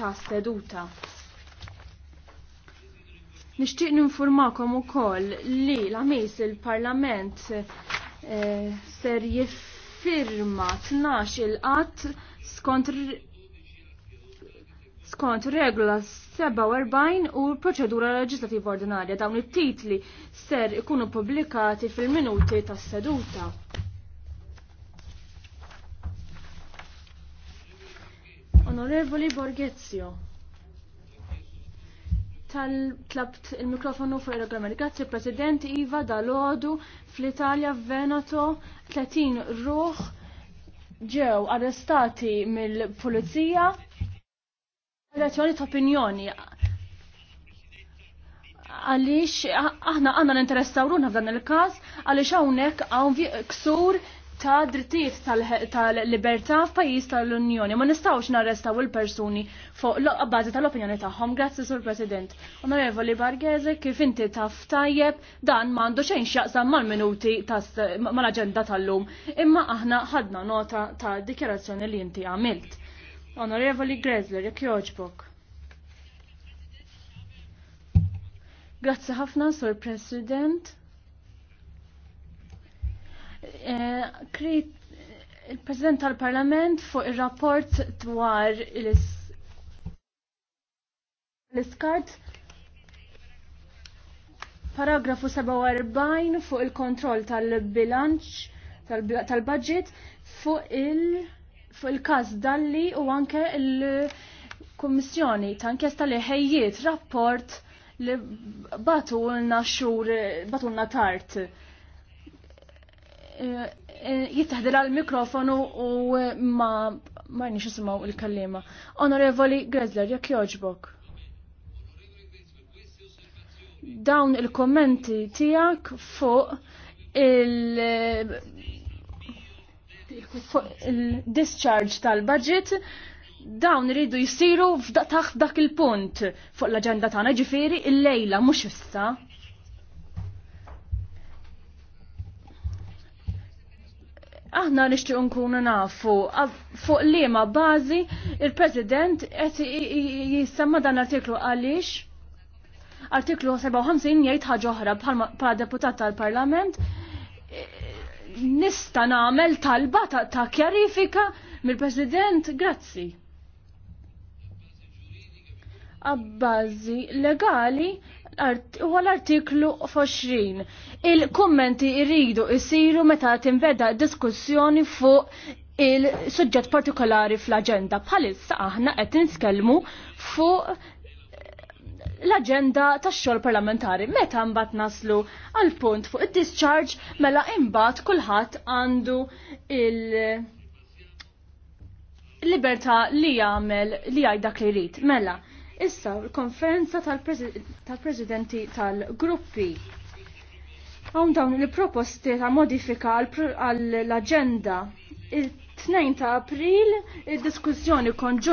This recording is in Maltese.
ta' seduta. Nixtieq ninformakom ukoll li l mis il-Parlament eh, ser jiffirma tnax il qat skont skont regola 47 u proċedura leġislativa ordinarja dawn it-titli ser ikunu publikati fil-minuti tas-seduta. Onorevoli Borghezio. Tal-tlabt il-mikrofonu fuq il-regolament. Grazie President Iva Dalodu fl-Italja Veneto 30 ruħ ġew arrestati mill-pulizija relazzjoni ta' opinjoni. Għalix aħna għanna n-interessaw f'dan il-kas għalix hawnhekk hawn ksur ta' drittijiet tal-libertà f'pajjiż tal-Unjoni. Ma nistgħux narrestaw il-persuni fuq bażi tal-opinjoni tagħhom. Grazzi Sur President. Onorevoli Bargeze, kif inti taf tajjeb dan m'għandu xejn x'jaqsam mal-minuti mal-aġenda tal-lum. Imma aħna ħadna nota ta' dikjarazzjoni li inti għamilt. Onorevoli Grezler, jekk joġbok. Grazzi ħafna, Sur President. Eh, Krit il-President tal-Parlament fuq ir-rapport dwar l-iskart paragrafu 47 fuq il-kontroll tal-bilanċ tal-budget fuq il- fuq il-każ dalli u anke il-Kummissjoni ta' inkjesta li ħejjiet rapport li batulna batu batulna tard Eh, eh, jittahdil għal mikrofonu u eh, ma marni xisimaw il-kallima. Onorevoli Grezler, jek joġbok. Dawn il-kommenti tijak fuq il- il-discharge tal-budget dawn iridu jisiru taħt dak il-punt fuq l-agenda tagħna ġifieri il-lejla mhux issa. aħna nixtieq nkunu nafu fuq liema bażi il-President qed jissemma dan artiklu għaliex artiklu 57 jgħid ħaġa oħra bħala deputat tal-Parlament e, nista' nagħmel talba ta' kjarifika mill-President, grazzi. Abbażi legali huwa l-artiklu 20. Il-kummenti irridu isiru meta timbeda diskussjoni fuq il-suġġett partikolari fl-aġenda. Bħalissa aħna qed nitkellmu fuq l-agenda tax xogħol parlamentari. Meta mbagħad naslu għal punt fuq id-discharge mela imbagħad kulħadd għandu il- libertà li jagħmel li jgħid dak li jrid. Mela, Issa, l-konferenza tal-presidenti tal-gruppi. Għawn dawn li proposti ta' modifika għall-agenda. Il-2 ta' april, il-diskussjoni konġunt.